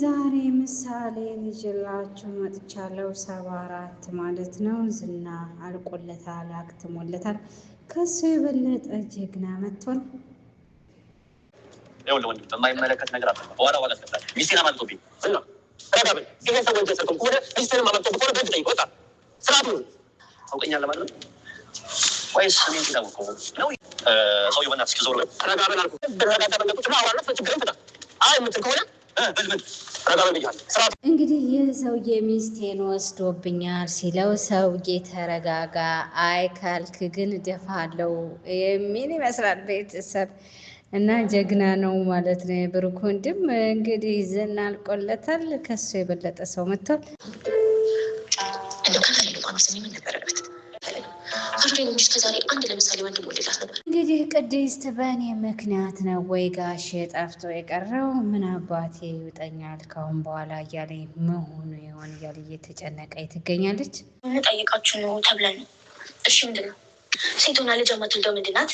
ዛሬ ምሳሌ ይዤላችሁ መጥቻለሁ። ሰባ አራት ማለት ነው። ዝና አልቆለታል፣ አክትሞለታል። ከሱ የበለጠ ጀግና መጥቷል። ሰው ነው በእናትህ እስኪ ዞር በል ተረጋጋ በል አልኩህ። ብረጋጋ በለቁ ጭማ አዋራት ችግርን ፍታ። አይ የምትል ከሆነ እንግዲህ ይህ ሰውዬ ሚስቴን ወስዶብኛል ሲለው ሰውዬ ተረጋጋ፣ አይ ካልክ ግን ደፋለው የሚል ይመስላል ቤተሰብ እና ጀግና ነው ማለት ነው። የብሩክ ወንድም እንግዲህ ዝና አልቆለታል። ከሱ የበለጠ ሰው መጥቷል። ፍርዴን እንጂ እስከዛሬ አንድ ለምሳሌ ወንድም ወልላት ነበር። እንግዲህ ቅድስት በእኔ ምክንያት ነው ወይ ጋሽ ጠፍቶ የቀረው ምን አባቴ ይውጠኛል ካሁን በኋላ እያለ መሆኑ የሆን እያለ እየተጨነቀ ትገኛለች። እንጠይቃችሁ ነው ተብለን ነው። እሺ ምንድን ነው ሴቶና ልጅ ማትወልደው ምንድናት?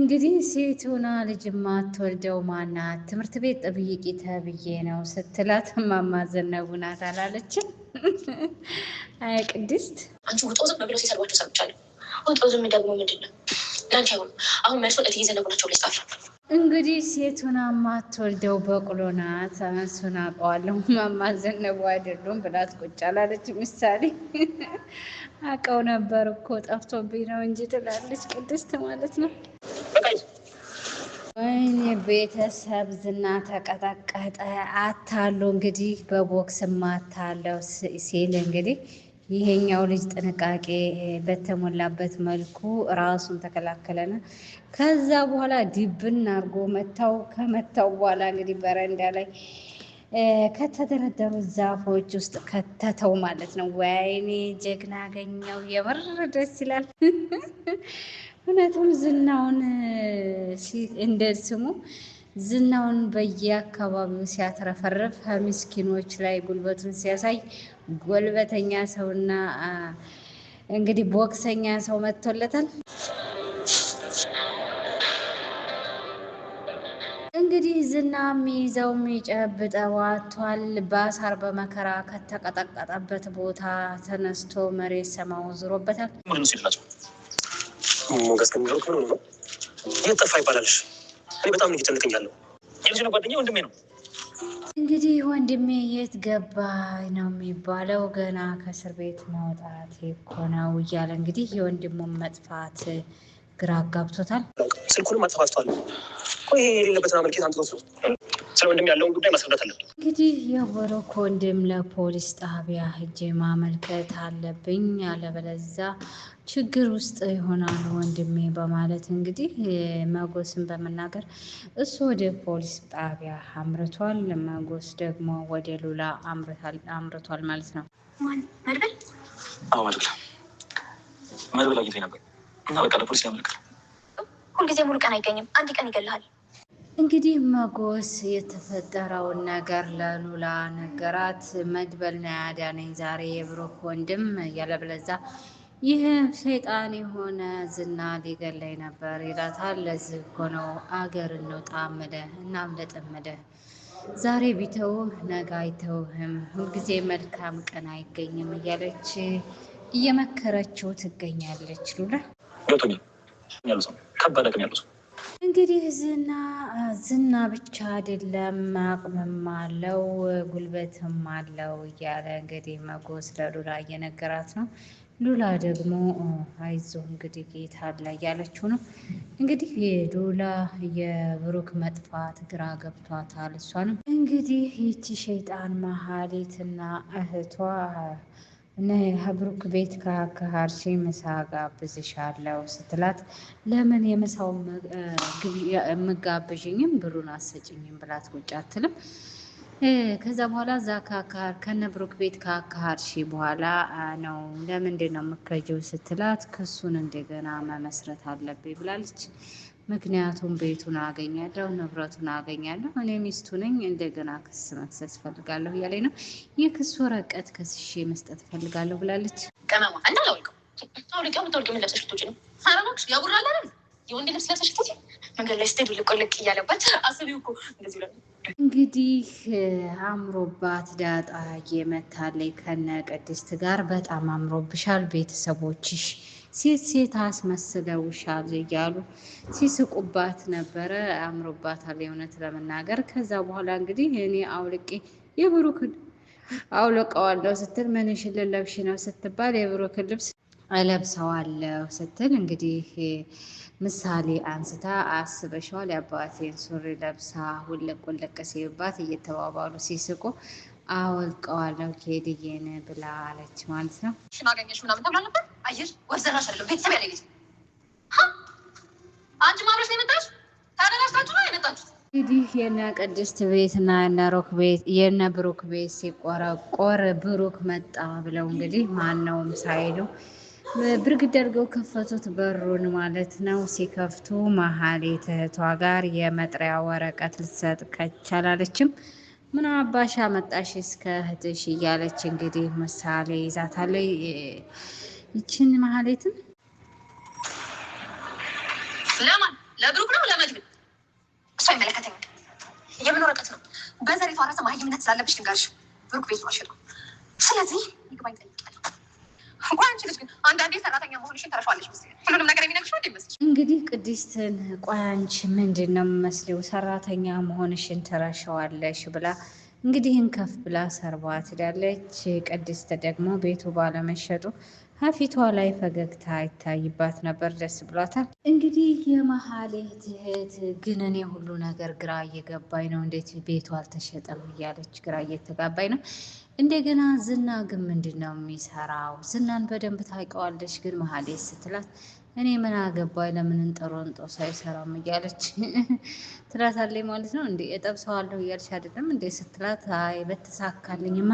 እንግዲህ ሴቶና ልጅ ማትወልደው ማናት? ትምህርት ቤት ጠብይቂ ተብዬ ነው ስትላት ማማዘነቡ ናት አላለችም? አይ ቅድስት አንቺ ውጦ ዝም ብለው ሲሰሯቸው ሰምቻለሁ። ወጥበዙ የሚደግሞ ምንድን ነው? ለአንተ ሆኑ አሁን መልስ ወቅት ጊዜ ነጉናቸው ላይ ጻፍ እንግዲህ ሴቱን ማትወልደው በቅሎ ናት። እሱን አውቀዋለሁ። ዘነቡ አይደሉም ብላት ቁጭ አላለች። ምሳሌ አውቀው ነበር እኮ ጠፍቶብኝ ነው እንጂ ትላለች ቅድስት ማለት ነው። ወይኔ ቤተሰብ ዝና ተቀጠቀጠ። አታሉ እንግዲህ በቦክስ ማታለው ሲል እንግዲህ ይሄኛው ልጅ ጥንቃቄ በተሞላበት መልኩ ራሱን ተከላከለና ከዛ በኋላ ዲብን አድርጎ መታው። ከመታው በኋላ እንግዲህ በረንዳ ላይ ከተደረደሩ ዛፎች ውስጥ ከተተው ማለት ነው። ወይኔ ጀግና አገኘው። የምር ደስ ይላል። እውነቱም ዝናውን እንደ ስሙ ዝናውን በየአካባቢው ሲያትረፈርፍ ከምስኪኖች ላይ ጉልበቱን ሲያሳይ ጎልበተኛ ሰውና እንግዲህ ቦክሰኛ ሰው መጥቶለታል። እንግዲህ ዝና የሚይዘው የሚጨብጠው አቷል። በአሳር በመከራ ከተቀጠቀጠበት ቦታ ተነስቶ መሬት ሰማው ዙሮበታል። ሞገስ ከሚለው ነው ይባላልሽ እኔ በጣም ነው እየጨነቀኝ ያለው። የልጅ ጓደኛ ወንድሜ ነው። እንግዲህ ወንድሜ የት ገባ ነው የሚባለው። ገና ከእስር ቤት መውጣት እኮ ነው እያለ እንግዲህ የወንድሙን መጥፋት ግራ አጋብቶታል። ስልኩንም አጥፋ አጥፋቷል። ይሄ የሌለበትን አመልኬት አንጥቶት ስለ ወንድም ያለውን ጉዳይ ማስረዳት አለብን። እንግዲህ የብሩክ ወንድም ለፖሊስ ጣቢያ ሄጄ ማመልከት አለብኝ፣ አለበለዛ ችግር ውስጥ ይሆናል ወንድሜ በማለት እንግዲህ መጎስን በመናገር እሱ ወደ ፖሊስ ጣቢያ አምርቷል። መጎስ ደግሞ ወደ ሉላ አምርቷል ማለት ነው። መድብል አግኝቶኝ ነበር እና በቃ ለፖሊስ ሁልጊዜ ሙሉ ቀን አይገኝም፣ አንድ ቀን ይገልሃል። እንግዲህ መጎስ የተፈጠረውን ነገር ለሉላ ነገራት። መድበል ና ያዳነኝ ዛሬ የብሩክ ወንድም ያለብለዛ ይህ ሰይጣን የሆነ ዝና ሊገለይ ነበር ይላታል። ለዚህ እኮ ነው አገር እንውጣ ምለ ዛሬ ቢተው ነገ አይተውህም፣ ሁልጊዜ መልካም ቀን አይገኝም እያለች እየመከረችው ትገኛለች ሉላ ከባድ እንግዲህ ዝና ዝና ብቻ አይደለም አቅምም አለው ጉልበትም አለው እያለ እንግዲህ መጎስ ለሉላ እየነገራት ነው። ሉላ ደግሞ አይዞ እንግዲህ ጌታ አለ እያለችው ነው። እንግዲህ ሉላ የብሩክ መጥፋት ግራ ገብቷታል። እሷንም እንግዲህ ይቺ ሸይጣን መሀሌትና እህቷ እና የሀብሩክ ቤት ከሀርሺ ምሳ ጋብዝሻለሁ ስትላት ለምን የምሳው የምጋብዥኝም ብሩን አሰጭኝም ብላት ቁጭ አትልም። ከዛ በኋላ እዛ ከአካር ከነ ብሩክ ቤት ከአካሃርሺ በኋላ ነው ለምንድን ነው የምከጀው ስትላት ክሱን እንደገና መመስረት አለብኝ ብላለች። ምክንያቱም ቤቱን አገኛለሁ፣ ንብረቱን አገኛለሁ፣ እኔ ሚስቱ ነኝ፣ እንደገና ክስ መክሰስ ፈልጋለሁ እያለኝ ነው። የክስ ወረቀት ከስሼ መስጠት ፈልጋለሁ ብላለች። እንግዲህ አምሮባት ዳጣ የመታለይ ከነ ቅድስት ጋር በጣም አምሮብሻል ቤተሰቦችሽ ሴት ሴት አስመስለውሻል እያሉ ሲስቁባት ነበረ። አምሮባታል የእውነት ለመናገር። ከዛ በኋላ እንግዲህ እኔ አውልቄ የብሩክን አውልቀዋለሁ ስትል ምንሽን ልለብሽ ነው ስትባል የብሩክን ልብስ እለብሰዋለሁ ስትል እንግዲህ ምሳሌ አንስታ አስበሸዋል። የአባቴን ሱሪ ለብሳ ውለቅ ውለቅ ሲባት እየተባባሉ ሲስቁ አወልቀዋለሁ ኬድዬን ብላ አለች ማለት ነው። ሽማገኘሽ ምናምን እንግዲህ የነ ቅድስት ቤት እና የነ ሮክ ቤት የነ ብሩክ ቤት ሲቆረቆር ብሩክ መጣ ብለው እንግዲህ ማነውም ሳይሉ ብርግ ደርገው ከፈቱት በሩን ማለት ነው። ሲከፍቱ መሀል የትህቷ ጋር የመጥሪያ ወረቀት ልትሰጥ ከቻላለችም ምን አባሽ አመጣሽ እስከ እህትሽ እያለች እንግዲህ ምሳሌ ይዛታለች። ይችን መሀሌትን ለማን ለብሩክ ነው ለመድብ እሱ አይመለከተኝ። የምን ወረቀት ነው? በዘር የተዋረሰ ማህይምነት ስላለብሽ ልንገርሽ፣ ብሩክ ቤት ማሸጡ። ስለዚህ ይግባኝ ጠይቃል እንግዲህ ቅድስትን ቆይ አንቺ ምንድን ነው የምመስለው ሰራተኛ መሆንሽን ትረሻዋለሽ ብላ እንግዲህ ከፍ ብላ ሰርባ ትዳለች። ቅድስት ደግሞ ቤቱ ባለመሸጡ ከፊቷ ላይ ፈገግታ ይታይባት ነበር። ደስ ብሏታል። እንግዲህ የመሀሌት እህት ግን እኔ ሁሉ ነገር ግራ እየገባኝ ነው፣ እንዴት ቤቱ አልተሸጠም እያለች ግራ እየተጋባኝ ነው። እንደገና ዝና ግን ምንድን ነው የሚሰራው? ዝናን በደንብ ታውቂዋለሽ ግን መሀሌት ስትላት እኔ ምን አገባኝ ለምን እንጠሮንጦ ሳይሰራም እያለች ትላታለች ማለት ነው። እንዴ እጠብሰዋለሁ እያለች አይደለም እንዴ ስትላት፣ አይ በተሳካልኝማ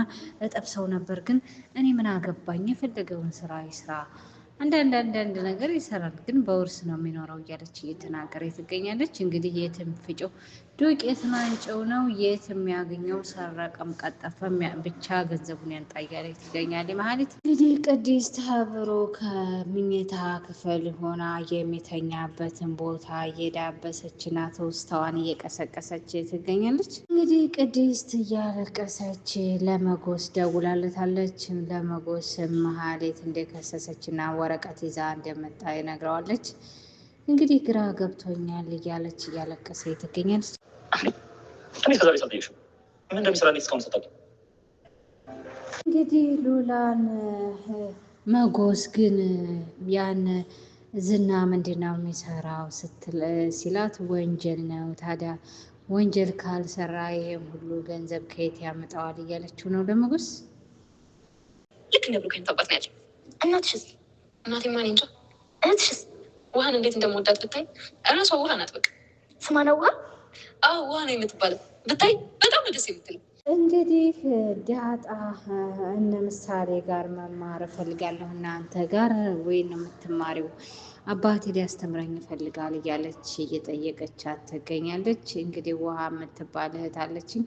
እጠብሰው ነበር፣ ግን እኔ ምን አገባኝ የፈለገውን ስራ ይስራ አንዳንድ አንዳንድ ነገር ይሰራል ግን በውርስ ነው የሚኖረው እያለች እየተናገረ ትገኛለች። እንግዲህ የትም ፍጮ ዱቄት ማንጨው ነው የት የሚያገኘው? ሰረቀም ቀጠፈ ብቻ ገንዘቡን ያንጣ እያለች ትገኛለች። እንግዲህ ቅድስት ተብሮ ከምኝታ ክፍል ሆና የሚተኛበትን ቦታ እየዳበሰችና እና ትውስታዋን እየቀሰቀሰች ትገኛለች። እንግዲህ ቅድስት እያለቀሰች ለመጎስ ደውላለታለች። ለመጎስ መሀሌት እንደከሰሰችና ወረቀት ይዛ እንደመጣ ይነግረዋለች። እንግዲህ ግራ ገብቶኛል እያለች እያለቀሰ ትገኛለች። እንግዲህ ሉላን መጎስ ግን ያን ዝና ምንድን ነው የሚሰራው ሲላት ወንጀል ነው። ታዲያ ወንጀል ካልሰራ ይሄም ሁሉ ገንዘብ ከየት ያመጣዋል እያለችው ነው ለመጎስ። ልክ ነህ ብሩክ፣ አባት ነው ያለው። እናትሽስ? እናቴማ እኔ እንጃ። እህትሽስ? ውሃን እንዴት እንደመወዳት ብታይ እራሷ ውሃ ናት። በቃ ስማና ውሃ አዎ ውሃ ነው የምትባለው ብታይ በጣም ደስ የምትል እንግዲህ ዳጣ እነ ምሳሌ ጋር መማር እፈልጋለሁ፣ እናንተ ጋር ወይ ነው የምትማሪው? አባቴ ሊያስተምረኝ ይፈልጋል እያለች እየጠየቀቻት ትገኛለች። እንግዲህ ውሃ የምትባል እህት አለችኝ፣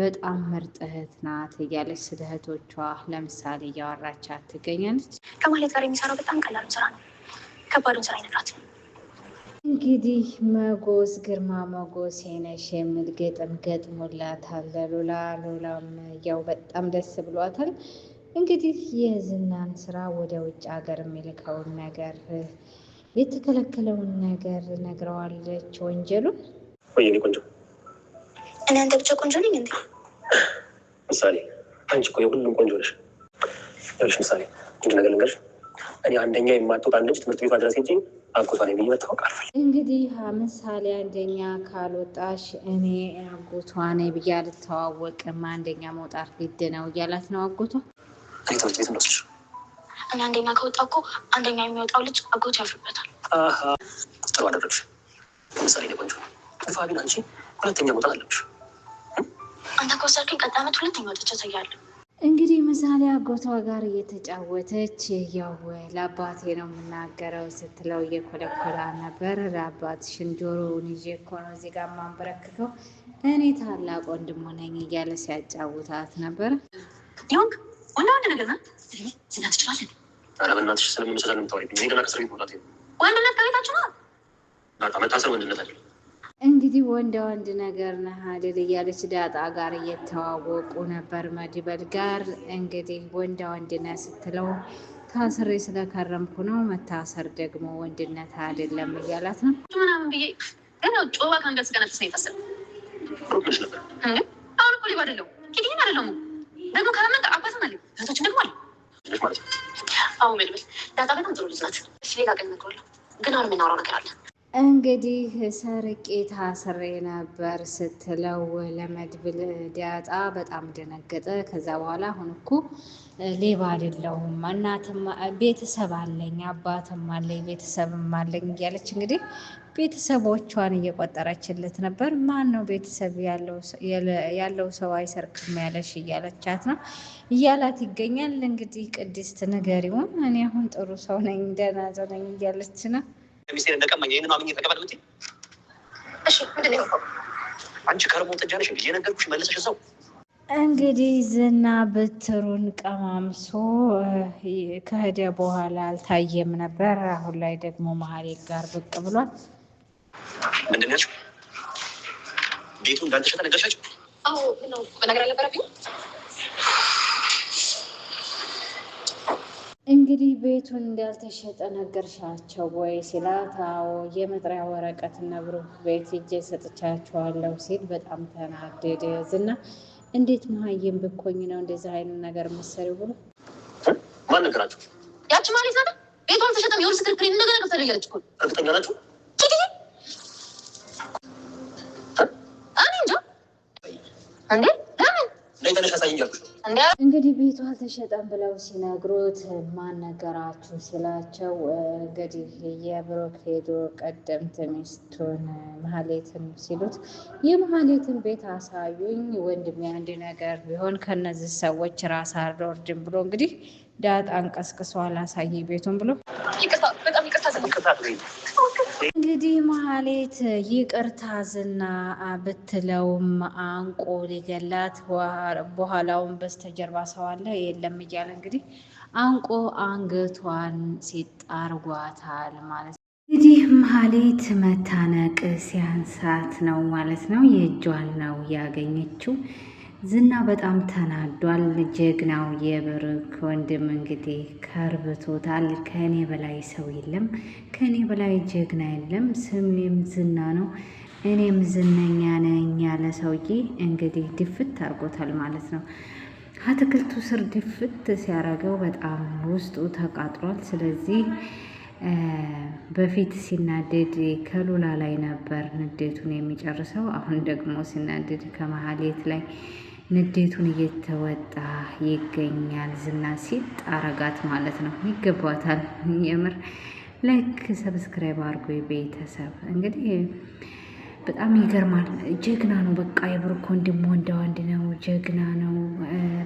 በጣም ምርጥ እህት ናት እያለች ስለ እህቶቿ ለምሳሌ እያወራቻት ትገኛለች። ከማለት ጋር የሚሰራው በጣም ቀላሉ ስራ ነው። ከባዱን ስራ አይነግራት። እንግዲህ መጎስ ግርማ መጎስ ሄነሽ የሚል ግጥም ገጥሞላታል ሉላ። ሉላም ያው በጣም ደስ ብሏታል። እንግዲህ የዝናን ስራ ወደ ውጭ ሀገር የሚልከውን ነገር የተከለከለውን ነገር ነግረዋለች። ወንጀሉን ወይኔ ቆንጆ እናንተ ብቻ ቆንጆ ነኝ እንዴ? ምሳሌ አንቺ እኮ የሁሉም ቆንጆ ነሽ። ምሳሌ አንድ ነገር ልንገርሽ እኔ አንደኛ የማትወጣ ልጅ ትምህርት ቤቷ ድረስ እንጂ አጎቷ ነው ብዬ መታወቅ አልፈል። እንግዲህ ምሳሌ አንደኛ ካልወጣሽ እኔ አጎቷ ነኝ ብዬ አልተዋወቅም፣ አንደኛ መውጣት ግድ ነው እያላት ነው አጎቷ። እኔ ትምህርት ቤት እንደወስድሽ እኔ አንደኛ ከወጣ እኮ አንደኛ የሚወጣው ልጅ አጎት ያልፍበታል። ጥሩ አደረግሽ ምሳሌ ለቆንጆ ፋቢን፣ አንቺ ሁለተኛ መውጣት አለብሽ። አንተ ከወሰድከኝ ቀጣይ ዓመት ሁለተኛ ወጥቼ እሰያለሁ እንግዲህ ምሳሌ አጎቷ ጋር እየተጫወተች ያው ለአባቴ ነው የምናገረው ስትለው እየኮለኮላ ነበር። ለአባት ጆሮውን ይዤ እኮ ነው እዚህ ጋር ማንበረክከው እኔ ታላቅ ወንድሙ ነኝ እያለ ሲያጫውታት ነበር። ወንድነት ከቤታችሁ ነው መታሰር ወንድነት አይደለም። እንግዲህ ወንዳ ወንድ ነገር ነህ አይደል እያለች ዳጣ ጋር እየተዋወቁ ነበር። መድበል ጋር እንግዲህ ወንዳ ወንድ ነህ ስትለው ታስሬ ስለከረምኩ ነው፣ መታሰር ደግሞ ወንድነት አይደለም እያላት ነው። ምናምን ብዬ ጮባ ከአንገት ገነጥስ ነው የታሰር አሁን እኮ ሊባ አደለው ኪዲህን አደለው ደግሞ ከመንገ አባትም አለ እህቶችን ደግሞ አለ አሁ መድበል ዳጣ በጣም ጥሩ ልጅ ናት። ሌላ ቀን እነግረዋለሁ ግን አሁን የምናወራው ነገር አለ እንግዲህ ሰርቄ ታስሬ ነበር ስትለው ለመድብል ዳጣ በጣም ደነገጠ። ከዛ በኋላ አሁን እኮ ሌባ አይደለሁም፣ እናትም ቤተሰብ አለኝ፣ አባትም አለኝ፣ ቤተሰብም አለኝ እያለች እንግዲህ ቤተሰቦቿን እየቆጠረችለት ነበር። ማን ነው ቤተሰብ ያለው ሰው አይሰርቅም ያለሽ እያለቻት ነው እያላት ይገኛል። እንግዲህ ቅድስት ንገሪውን እኔ አሁን ጥሩ ሰው ነኝ፣ ደህና ሰው ነኝ እያለች ነው ሚስቴር እንደቀማኝ ይህንን አምኜ ተቀበል ብትይ እሺ፣ ምንድን ነው አንቺ ከርሞ ጥጃለሽ እንግዲህ የነገርኩሽ መለሰሽ ሰው እንግዲህ ዝና ብትሩን ቀማምሶ ከሄደ በኋላ አልታየም ነበር። አሁን ላይ ደግሞ መሀሌ ጋር ብቅ ብሏል። ምንድን ያልሽው? ቤቱ እንዳልተሸጠ ነገርሻቸው? አዎ፣ ምነው መናገር አልነበረብኝም እንግዲህ ቤቱን እንዳልተሸጠ ነገርሻቸው ወይ ሲላት፣ አዎ የመጥሪያ ወረቀት እና ብሩክ ቤት እጄ ሰጥቻቸዋለሁ ሲል በጣም ተናደደ። ዝና እንዴት መሀይም ብኮኝ ነው እንደዚህ አይነት ነገር መሰሪ ብሎ ማን ነገራቸው? ያቺ ማለት ናት። ቤቱ አልተሸጠም። የሆነ ስትክክል እንደገና ገብታ ያለች እርግጠኛ ናቸው። እኔ እንጃ እንዴ ገብተነሽ አሳይኝ አልኩሽ። እንግዲህ ቤቱ አልተሸጠም ብለው ሲነግሩት ማን ነገራችሁ ስላቸው እንግዲህ የብሩክ ሄዶ ቀደምት ሚስቱን መሀሌትን ሲሉት የመሀሌትን ቤት አሳዩኝ ወንድሜ፣ አንድ ነገር ቢሆን ከነዚህ ሰዎች ራስ አልወርድም ብሎ እንግዲህ ዳጣ አንቀስቅሶ አላሳይ ቤቱን ብሎ ይቅርታ፣ በጣም ይቅርታ እንግዲህ መሀሌት ይቅርታ ዝና ብትለውም አንቆ ሊገላት በኋላውን በስተጀርባ ሰው አለ የለም እያለ እንግዲህ አንቆ አንገቷን ሲጣርጓታል ማለት ነው። እንግዲህ መሀሌት መታነቅ ሲያንሳት ነው ማለት ነው። የእጇን ነው ያገኘችው። ዝና በጣም ተናዷል። ጀግናው የብሩክ ወንድም እንግዲህ ከርብቶታል። ከእኔ በላይ ሰው የለም፣ ከእኔ በላይ ጀግና የለም፣ ስሜም ዝና ነው፣ እኔም ዝነኛ ነኝ ያለ ሰውዬ እንግዲህ ድፍት አድርጎታል ማለት ነው። አትክልቱ ስር ድፍት ሲያደርገው በጣም ውስጡ ተቃጥሯል። ስለዚህ በፊት ሲናደድ ከሉላ ላይ ነበር ንዴቱን የሚጨርሰው። አሁን ደግሞ ሲናደድ ከመሀሌት ላይ ንዴቱን እየተወጣ ይገኛል። ዝና ሲጥ ማለት ነው። ይገባታል። የምር ላይክ ሰብስክራይብ አድርጎ ቤተሰብ እንግዲህ በጣም ይገርማል። ጀግና ነው። በቃ የብሩክ ወንድም ወንዳ ወንድ ነው። ጀግና ነው።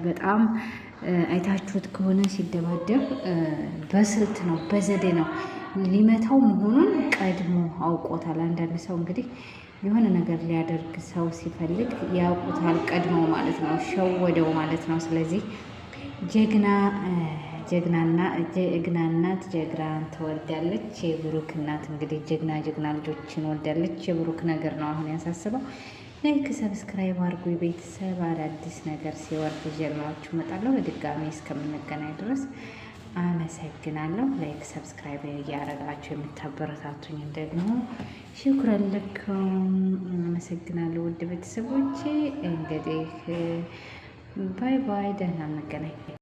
በጣም አይታችሁት ከሆነ ሲደባደብ በስልት ነው፣ በዘዴ ነው ሊመታው መሆኑን ቀድሞ አውቆታል። አንዳንድ ሰው እንግዲህ የሆነ ነገር ሊያደርግ ሰው ሲፈልግ ያውቁታል ቀድመው ማለት ነው፣ ሸወደው ማለት ነው። ስለዚህ ጀግና ጀግናና ጀግና እናት ጀግራን ትወልዳለች። የብሩክ እናት እንግዲህ ጀግና ጀግና ልጆችን ወልዳለች። የብሩክ ነገር ነው አሁን ያሳስበው። ላይክ ሰብስክራይብ አድርጉ ቤተሰብ። አዳዲስ ነገር ሲወርድ ይዤላችሁ እመጣለሁ። በድጋሚ እስከምንገናኝ ድረስ አመሰግናለሁ። ላይክ ሰብስክራይብ እያደረጋችሁ የምታበረታቱኝ ደግሞ ሽኩረን ልኩም አመሰግናለሁ። ውድ ቤተሰቦች እንግዲህ ባይ ባይ፣ ደህና እንገናኝ።